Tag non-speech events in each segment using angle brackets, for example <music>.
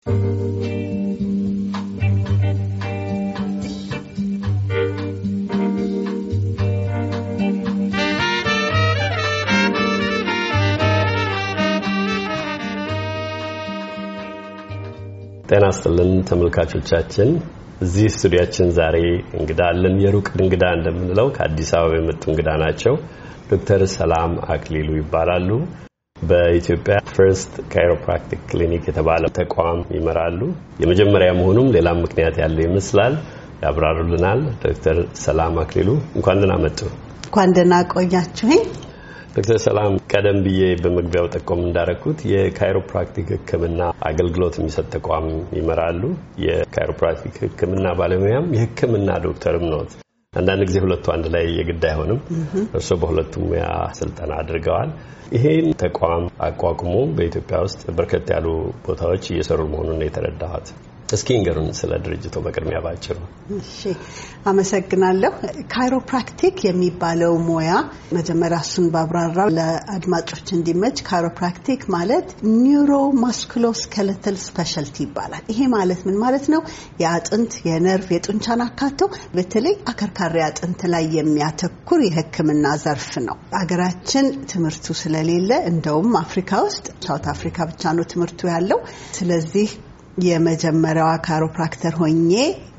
ጤና ይስጥልን ተመልካቾቻችን። እዚህ ስቱዲያችን ዛሬ እንግዳ አለን። የሩቅ እንግዳ እንደምንለው ከአዲስ አበባ የመጡ እንግዳ ናቸው። ዶክተር ሰላም አክሊሉ ይባላሉ። በኢትዮጵያ ፈርስት ካይሮፕራክቲክ ክሊኒክ የተባለ ተቋም ይመራሉ። የመጀመሪያ መሆኑም ሌላም ምክንያት ያለው ይመስላል። ያብራሩልናል። ዶክተር ሰላም አክሊሉ እንኳን ደህና መጡ። እንኳን ደህና ቆያችሁኝ። ዶክተር ሰላም ቀደም ብዬ በመግቢያው ጠቆም እንዳረኩት የካይሮፕራክቲክ ሕክምና አገልግሎት የሚሰጥ ተቋም ይመራሉ። የካይሮፕራክቲክ ሕክምና ባለሙያም የሕክምና ዶክተርም ኖት። አንዳንድ ጊዜ ሁለቱ አንድ ላይ የግድ አይሆንም። እርስዎ በሁለቱም ሙያ ስልጠና አድርገዋል። ይሄን ተቋም አቋቁሞ በኢትዮጵያ ውስጥ በርከት ያሉ ቦታዎች እየሰሩ መሆኑን የተረዳኋት እስኪ እንገሩን ስለ ድርጅቱ በቅድሚያ ባጭሩ። እሺ፣ አመሰግናለሁ። ካይሮፕራክቲክ የሚባለው ሙያ መጀመሪያ እሱን ባብራራ ለአድማጮች እንዲመች፣ ካይሮፕራክቲክ ማለት ኒውሮ ማስኩሎስኬለተል ስፔሻልቲ ይባላል። ይሄ ማለት ምን ማለት ነው? የአጥንት የነርቭ፣ የጡንቻን አካቶ በተለይ አከርካሪ አጥንት ላይ የሚያተኩር የሕክምና ዘርፍ ነው። አገራችን ትምህርቱ ስለሌለ እንደውም አፍሪካ ውስጥ ሳውት አፍሪካ ብቻ ነው ትምህርቱ ያለው። ስለዚህ የመጀመሪያዋ ካሮፕራክተር ሆኜ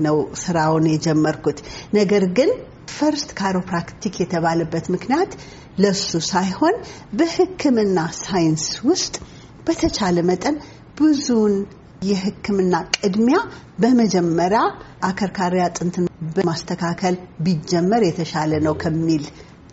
ነው ስራውን የጀመርኩት። ነገር ግን ፈርስት ካሮፕራክቲክ የተባለበት ምክንያት ለሱ ሳይሆን በሕክምና ሳይንስ ውስጥ በተቻለ መጠን ብዙውን የሕክምና ቅድሚያ በመጀመሪያ አከርካሪ አጥንትን በማስተካከል ቢጀመር የተሻለ ነው ከሚል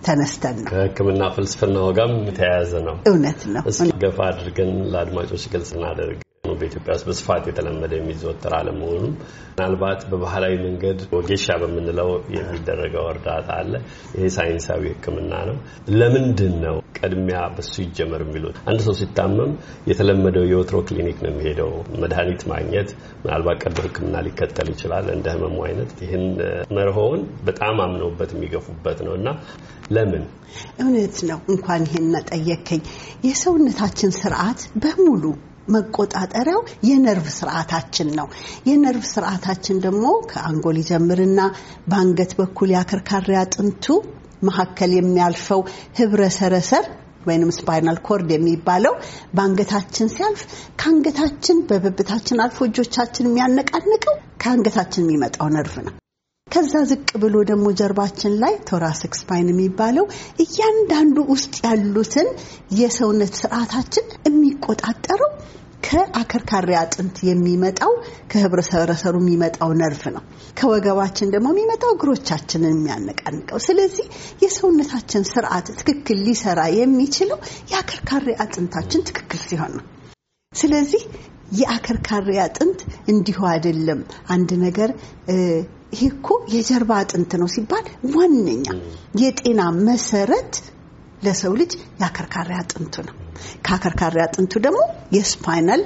ተነስተን ነው። ከሕክምና ፍልስፍና ጋርም የተያያዘ ነው። እውነት ነው። እስኪ ገፋ አድርገን ለአድማጮች ግልጽ እናደርግ። በኢትዮጵያ ውስጥ በስፋት የተለመደ የሚዘወተር አለመሆኑም ምናልባት በባህላዊ መንገድ ወጌሻ በምንለው የሚደረገው እርዳታ አለ። ይሄ ሳይንሳዊ ሕክምና ነው። ለምንድን ነው ቅድሚያ በሱ ይጀመር የሚሉት? አንድ ሰው ሲታመም የተለመደው የወትሮ ክሊኒክ ነው የሚሄደው። መድኃኒት ማግኘት ምናልባት ቀዶ ሕክምና ሊከተል ይችላል እንደ ህመሙ አይነት። ይህን መርሆውን በጣም አምነውበት የሚገፉበት ነው እና ለምን እውነት ነው እንኳን ይሄን ጠየከኝ። የሰውነታችን ስርዓት በሙሉ መቆጣጠሪያው የነርቭ ስርዓታችን ነው። የነርቭ ስርዓታችን ደግሞ ከአንጎል ይጀምርና በአንገት በኩል ያከርካሪ አጥንቱ መካከል የሚያልፈው ህብረ ሰረሰር ወይንም ስፓይናል ኮርድ የሚባለው በአንገታችን ሲያልፍ ከአንገታችን በብብታችን አልፎ እጆቻችን የሚያነቃንቀው ከአንገታችን የሚመጣው ነርቭ ነው። ከዛ ዝቅ ብሎ ደግሞ ጀርባችን ላይ ቶራሲክ ስፓይን የሚባለው እያንዳንዱ ውስጥ ያሉትን የሰውነት ስርዓታችን የሚቆጣጠር ከአከርካሪ አጥንት የሚመጣው ከህብረሰረሰሩ የሚመጣው ነርቭ ነው። ከወገባችን ደግሞ የሚመጣው እግሮቻችንን የሚያነቃንቀው። ስለዚህ የሰውነታችን ስርዓት ትክክል ሊሰራ የሚችለው የአከርካሪ አጥንታችን ትክክል ሲሆን ነው። ስለዚህ የአከርካሪ አጥንት እንዲሁ አይደለም። አንድ ነገር ይሄ እኮ የጀርባ አጥንት ነው ሲባል ዋነኛ የጤና መሰረት ለሰው ልጅ የአከርካሪ አጥንቱ ነው። ከአከርካሪ አጥንቱ ደግሞ የስፓይናል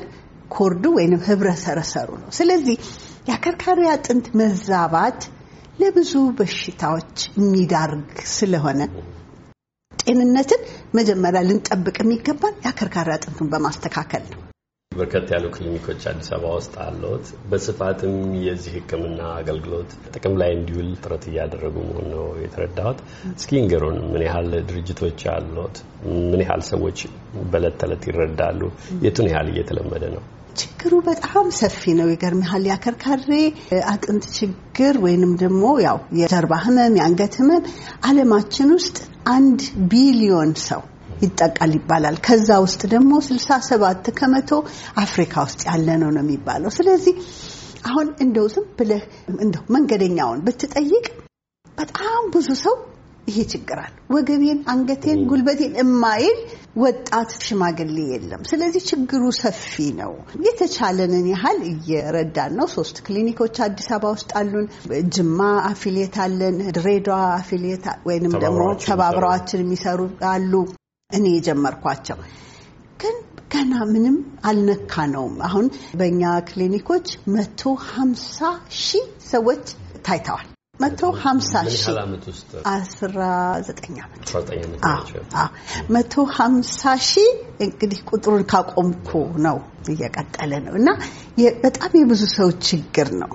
ኮርዱ ወይንም ሰረሰሩ ነው። ስለዚህ የአከርካሪ አጥንት መዛባት ለብዙ በሽታዎች የሚዳርግ ስለሆነ ጤንነትን መጀመሪያ ልንጠብቅ የሚገባን የአከርካሪ አጥንቱን በማስተካከል ነው። በርከት ያሉ ክሊኒኮች አዲስ አበባ ውስጥ አሉት በስፋትም የዚህ ሕክምና አገልግሎት ጥቅም ላይ እንዲውል ጥረት እያደረጉ መሆን ነው የተረዳሁት። እስኪ ንገሩን፣ ምን ያህል ድርጅቶች አለዎት? ምን ያህል ሰዎች በለት ተዕለት ይረዳሉ? የቱን ያህል እየተለመደ ነው? ችግሩ በጣም ሰፊ ነው። ያህል የአከርካሬ አጥንት ችግር ወይንም ደግሞ ያው የጀርባ ህመም፣ የአንገት ህመም አለማችን ውስጥ አንድ ቢሊዮን ሰው ይጠቃል ይባላል። ከዛ ውስጥ ደግሞ 67 ከመቶ አፍሪካ ውስጥ ያለ ነው ነው የሚባለው። ስለዚህ አሁን እንደው ዝም ብለህ እንደው መንገደኛውን ብትጠይቅ በጣም ብዙ ሰው ይሄ ችግር አለ፣ ወገቤን፣ አንገቴን፣ ጉልበቴን እማይል ወጣት ሽማግሌ የለም። ስለዚህ ችግሩ ሰፊ ነው። የተቻለንን ያህል እየረዳን ነው። ሶስት ክሊኒኮች አዲስ አበባ ውስጥ አሉን። ጅማ አፊሌት አለን። ድሬዳዋ አፊሌት ወይንም ደግሞ ተባብረዋችን የሚሰሩ አሉ። እኔ የጀመርኳቸው ግን ገና ምንም አልነካ ነውም። አሁን በእኛ ክሊኒኮች መቶ ሀምሳ ሺህ ሰዎች ታይተዋል። መቶ ሀምሳ ሺህ አስራ ዘጠኝ ዓመት መቶ ሀምሳ ሺህ እንግዲህ ቁጥሩን ካቆምኩ ነው እየቀጠለ ነው እና በጣም የብዙ ሰው ችግር ነው።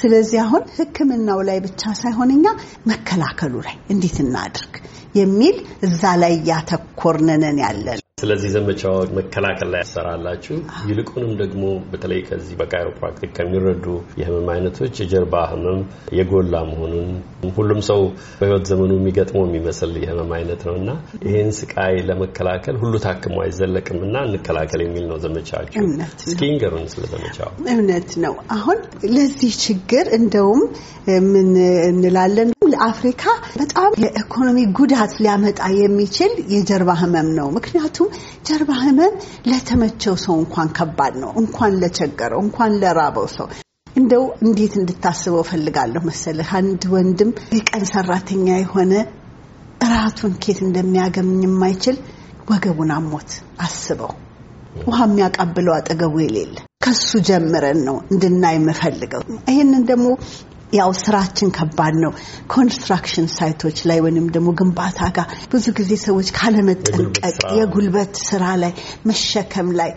ስለዚህ አሁን ሕክምናው ላይ ብቻ ሳይሆን እኛ መከላከሉ ላይ እንዴት እናድርግ የሚል እዛ ላይ ያተኮርነን ያለን ስለዚህ ዘመቻው መከላከል ላይ ያሰራላችሁ ይልቁንም ደግሞ በተለይ ከዚህ በካይሮፕራክቲክ ከሚረዱ የህመም አይነቶች የጀርባ ህመም የጎላ መሆኑን ሁሉም ሰው በህይወት ዘመኑ የሚገጥመው የሚመስል የህመም አይነት ነው እና ይህን ስቃይ ለመከላከል ሁሉ ታክሞ አይዘለቅም እና እንከላከል የሚል ነው ዘመቻችሁ። እስኪ ንገሩን ስለ ዘመቻው። እምነት ነው። አሁን ለዚህ ችግር እንደውም ምን እንላለን አፍሪካ በጣም የኢኮኖሚ ጉዳት ሊያመጣ የሚችል የጀርባ ህመም ነው። ምክንያቱም ጀርባ ህመም ለተመቸው ሰው እንኳን ከባድ ነው፣ እንኳን ለቸገረው፣ እንኳን ለራበው ሰው እንደው እንዴት እንድታስበው ፈልጋለሁ መሰለህ። አንድ ወንድም የቀን ሰራተኛ የሆነ እራቱን ኬት እንደሚያገምኝ የማይችል ወገቡን አሞት አስበው፣ ውሃ የሚያቀብለው አጠገቡ የሌለ ከሱ ጀምረን ነው እንድናይ የምፈልገው። ይህንን ደግሞ ያው ስራችን ከባድ ነው። ኮንስትራክሽን ሳይቶች ላይ ወይንም ደግሞ ግንባታ ጋር ብዙ ጊዜ ሰዎች ካለመጠንቀቅ የጉልበት ስራ ላይ መሸከም ላይ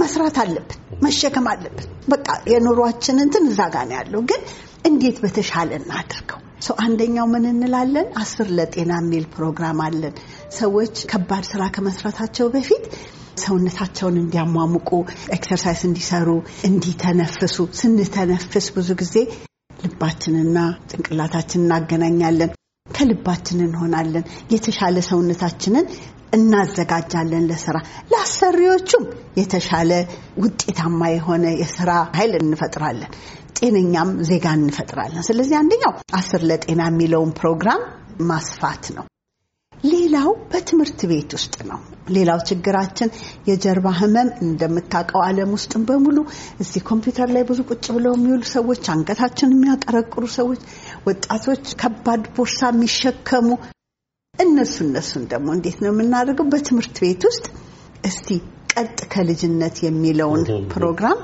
መስራት አለብን፣ መሸከም አለብን። በቃ የኑሯችን እንትን እዛ ጋ ነው ያለው። ግን እንዴት በተሻለ እናድርገው? ሰው አንደኛው ምን እንላለን፣ አስር ለጤና የሚል ፕሮግራም አለን። ሰዎች ከባድ ስራ ከመስራታቸው በፊት ሰውነታቸውን እንዲያሟሙቁ ኤክሰርሳይዝ እንዲሰሩ፣ እንዲተነፍሱ ስንተነፍስ ብዙ ጊዜ ልባችንና ጭንቅላታችን እናገናኛለን። ከልባችን እንሆናለን። የተሻለ ሰውነታችንን እናዘጋጃለን ለስራ። ለአሰሪዎቹም የተሻለ ውጤታማ የሆነ የስራ ኃይል እንፈጥራለን። ጤነኛም ዜጋ እንፈጥራለን። ስለዚህ አንደኛው አስር ለጤና የሚለውን ፕሮግራም ማስፋት ነው። ሌላው በትምህርት ቤት ውስጥ ነው። ሌላው ችግራችን የጀርባ ህመም እንደምታውቀው ዓለም ውስጥ በሙሉ እዚህ ኮምፒውተር ላይ ብዙ ቁጭ ብለው የሚውሉ ሰዎች፣ አንገታችን የሚያቀረቅሩ ሰዎች፣ ወጣቶች ከባድ ቦርሳ የሚሸከሙ እነሱ እነሱን ደግሞ እንዴት ነው የምናደርገው? በትምህርት ቤት ውስጥ እስቲ ቀጥ ከልጅነት የሚለውን ፕሮግራም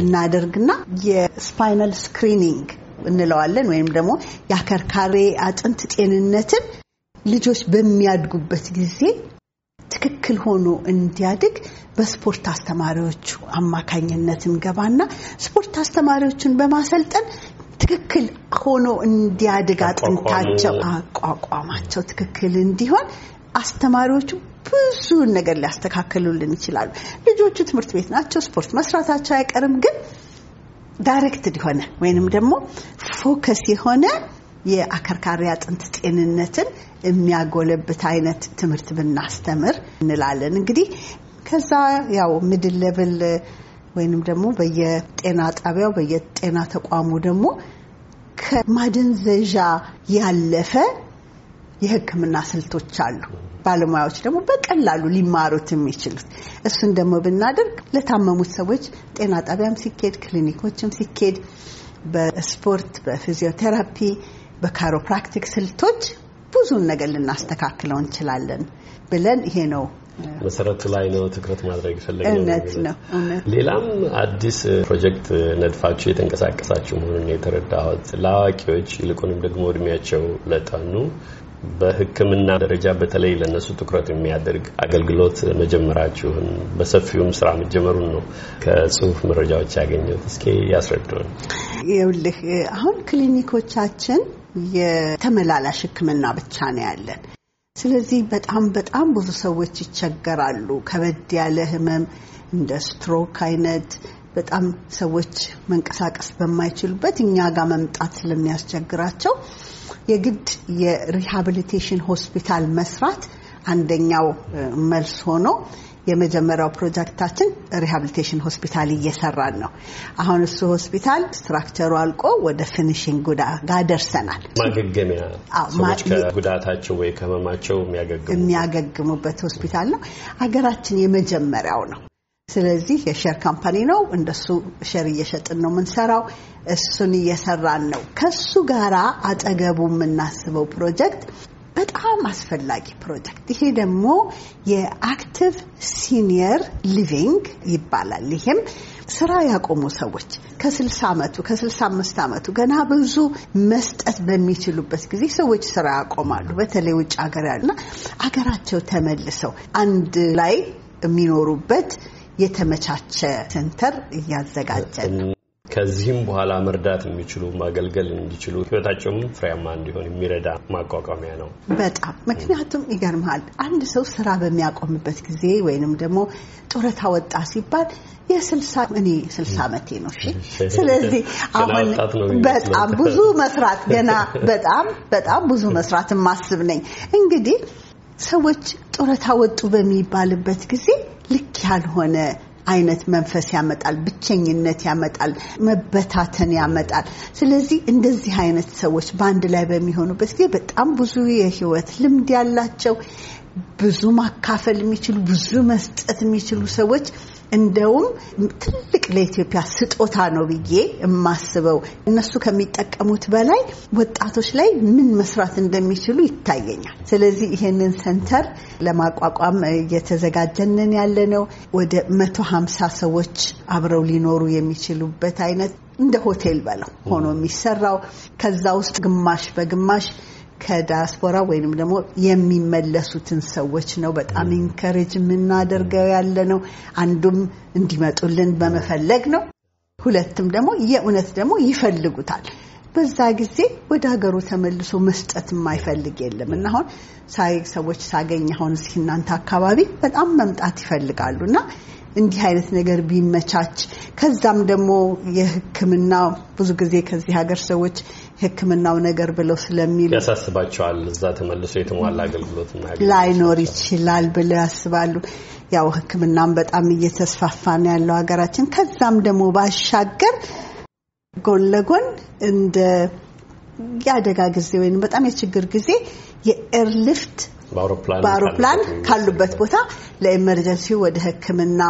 እናደርግና የስፓይናል ስክሪኒንግ እንለዋለን ወይም ደግሞ የአከርካሪ አጥንት ጤንነትን ልጆች በሚያድጉበት ጊዜ ትክክል ሆኖ እንዲያድግ በስፖርት አስተማሪዎቹ አማካኝነት እንገባና ስፖርት አስተማሪዎቹን በማሰልጠን ትክክል ሆኖ እንዲያድግ አጥንታቸው አቋቋማቸው ትክክል እንዲሆን አስተማሪዎቹ ብዙ ነገር ሊያስተካከሉልን ይችላሉ። ልጆቹ ትምህርት ቤት ናቸው፣ ስፖርት መስራታቸው አይቀርም። ግን ዳይሬክትድ የሆነ ወይንም ደግሞ ፎከስ የሆነ የአከርካሪ አጥንት ጤንነትን የሚያጎለብት አይነት ትምህርት ብናስተምር እንላለን። እንግዲህ ከዛ ያው ምድል ለብል ወይንም ደግሞ በየጤና ጣቢያው በየጤና ተቋሙ ደግሞ ከማደንዘዣ ያለፈ የሕክምና ስልቶች አሉ። ባለሙያዎች ደግሞ በቀላሉ ሊማሩት የሚችሉት እሱን ደግሞ ብናደርግ ለታመሙት ሰዎች ጤና ጣቢያም ሲኬድ፣ ክሊኒኮችም ሲኬድ በስፖርት በፊዚዮቴራፒ በካሮፕራክቲክ ስልቶች ብዙን ነገር ልናስተካክለው እንችላለን ብለን ይሄ ነው መሰረቱ ላይ ነው ትኩረት ማድረግ ይፈልጋል። እውነት ነው። ሌላም አዲስ ፕሮጀክት ነድፋችሁ የተንቀሳቀሳችሁ መሆኑን የተረዳሁት ለአዋቂዎች ይልቁንም ደግሞ እድሜያቸው ለጠኑ በሕክምና ደረጃ በተለይ ለእነሱ ትኩረት የሚያደርግ አገልግሎት መጀመራችሁን በሰፊውም ስራ መጀመሩን ነው ከጽሁፍ መረጃዎች ያገኘሁት። እስኪ ያስረዱን። ይኸውልህ አሁን ክሊኒኮቻችን የተመላላሽ ሕክምና ብቻ ነው ያለን። ስለዚህ በጣም በጣም ብዙ ሰዎች ይቸገራሉ። ከበድ ያለ ህመም እንደ ስትሮክ አይነት በጣም ሰዎች መንቀሳቀስ በማይችሉበት እኛ ጋር መምጣት ስለሚያስቸግራቸው የግድ የሪሃብሊቴሽን ሆስፒታል መስራት አንደኛው መልስ ሆኖ የመጀመሪያው ፕሮጀክታችን ሪሃብሊቴሽን ሆስፒታል እየሰራን ነው። አሁን እሱ ሆስፒታል ስትራክቸሩ አልቆ ወደ ፊኒሽንግ ጋር ደርሰናል። ማገገሚያ ወይ ከህመማቸው የሚያገግሙበት ሆስፒታል ነው። ሀገራችን የመጀመሪያው ነው። ስለዚህ የሸር ካምፓኒ ነው። እንደሱ ሸር እየሸጥን ነው የምንሰራው። እሱን እየሰራን ነው። ከሱ ጋራ አጠገቡ የምናስበው ፕሮጀክት በጣም አስፈላጊ ፕሮጀክት። ይሄ ደግሞ የአክቲቭ ሲኒየር ሊቪንግ ይባላል። ይሄም ስራ ያቆሙ ሰዎች ከ60 ዓመቱ ከ65 ዓመቱ ገና ብዙ መስጠት በሚችሉበት ጊዜ ሰዎች ስራ ያቆማሉ። በተለይ ውጭ ሀገር ያሉና አገራቸው ተመልሰው አንድ ላይ የሚኖሩበት የተመቻቸ ሴንተር እያዘጋጀ ነው። ከዚህም በኋላ መርዳት የሚችሉ ማገልገል እንዲችሉ ህይወታቸውም ፍሬያማ እንዲሆን የሚረዳ ማቋቋሚያ ነው። በጣም ምክንያቱም ይገርመሃል፣ አንድ ሰው ስራ በሚያቆምበት ጊዜ ወይንም ደግሞ ጡረታ ወጣ ሲባል የስልሳ እኔ ስልሳ ዓመቴ ነው። እሺ፣ <laughs> ስለዚህ አሁን በጣም ብዙ መስራት ገና በጣም በጣም ብዙ መስራት ማስብ ነኝ። እንግዲህ ሰዎች ጡረታ ወጡ በሚባልበት ጊዜ ልክ ያልሆነ አይነት መንፈስ ያመጣል፣ ብቸኝነት ያመጣል፣ መበታተን ያመጣል። ስለዚህ እንደዚህ አይነት ሰዎች በአንድ ላይ በሚሆኑበት ጊዜ በጣም ብዙ የህይወት ልምድ ያላቸው ብዙ ማካፈል የሚችሉ ብዙ መስጠት የሚችሉ ሰዎች እንደውም ትልቅ ለኢትዮጵያ ስጦታ ነው ብዬ የማስበው እነሱ ከሚጠቀሙት በላይ ወጣቶች ላይ ምን መስራት እንደሚችሉ ይታየኛል። ስለዚህ ይህንን ሰንተር ለማቋቋም እየተዘጋጀንን ያለ ነው። ወደ መቶ ሀምሳ ሰዎች አብረው ሊኖሩ የሚችሉበት አይነት እንደ ሆቴል በለው ሆኖ የሚሰራው ከዛ ውስጥ ግማሽ በግማሽ ከዲያስፖራ ወይንም ደግሞ የሚመለሱትን ሰዎች ነው በጣም ኢንከሬጅ የምናደርገው ያለ ነው። አንዱም እንዲመጡልን በመፈለግ ነው። ሁለትም ደግሞ የእውነት ደግሞ ይፈልጉታል። በዛ ጊዜ ወደ ሀገሩ ተመልሶ መስጠት የማይፈልግ የለም እና አሁን ሳይ ሰዎች ሳገኝ አሁን እስኪ እናንተ አካባቢ በጣም መምጣት ይፈልጋሉ እና እንዲህ አይነት ነገር ቢመቻች ከዛም ደግሞ የሕክምና ብዙ ጊዜ ከዚህ ሀገር ሰዎች ህክምናው ነገር ብለው ስለሚሉ ያሳስባቸዋል። እዛ ተመልሶ የተሟላ አገልግሎት ላይኖር ይችላል ብለው ያስባሉ። ያው ህክምናም በጣም እየተስፋፋ ነው ያለው ሀገራችን። ከዛም ደግሞ ባሻገር ጎን ለጎን እንደ የአደጋ ጊዜ ወይም በጣም የችግር ጊዜ የኤርሊፍት በአውሮፕላን ካሉበት ቦታ ለኤመርጀንሲ ወደ ሕክምና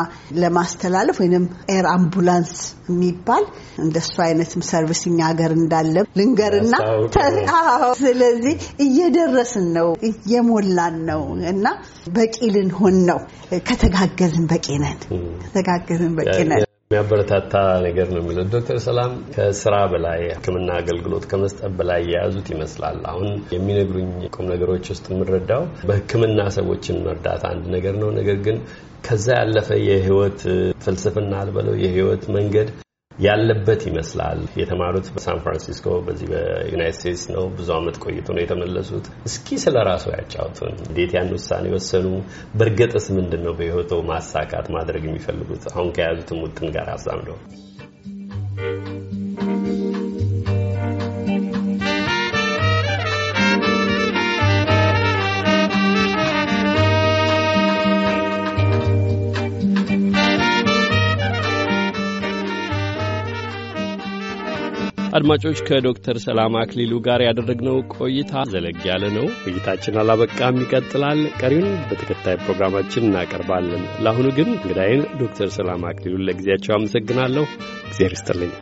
ለማስተላለፍ ወይም ኤር አምቡላንስ የሚባል እንደሱ አይነትም ሰርቪስ እኛ ሀገር እንዳለ ልንገርና፣ ስለዚህ እየደረስን ነው፣ እየሞላን ነው እና በቂ ልንሆን ነው። ከተጋገዝን በቂ ነን። ከተጋገዝን በቂ ነን። የሚያበረታታ ነገር ነው የሚለው ዶክተር ሰላም ከስራ በላይ ሕክምና አገልግሎት ከመስጠት በላይ የያዙት ይመስላል። አሁን የሚነግሩኝ ቁም ነገሮች ውስጥ የምረዳው በሕክምና ሰዎችን መርዳት አንድ ነገር ነው። ነገር ግን ከዛ ያለፈ የህይወት ፍልስፍና አልበለው የህይወት መንገድ ያለበት ይመስላል። የተማሩት በሳን ፍራንሲስኮ በዚህ በዩናይት ስቴትስ ነው። ብዙ ዓመት ቆይቶ ነው የተመለሱት። እስኪ ስለ ራሱ ያጫውቱን። እንዴት ያን ውሳኔ ወሰኑ? በእርግጥስ ምንድን ነው በህይወቶ ማሳካት ማድረግ የሚፈልጉት አሁን ከያዙትም ውጥን ጋር አዛምደው? አድማጮች ከዶክተር ሰላም አክሊሉ ጋር ያደረግነው ቆይታ ዘለግ ያለ ነው። ቆይታችን አላበቃም፣ ይቀጥላል። ቀሪውን በተከታይ ፕሮግራማችን እናቀርባለን። ለአሁኑ ግን እንግዳይን ዶክተር ሰላም አክሊሉን ለጊዜያቸው አመሰግናለሁ። እግዚአብሔር ይስጥልኝ።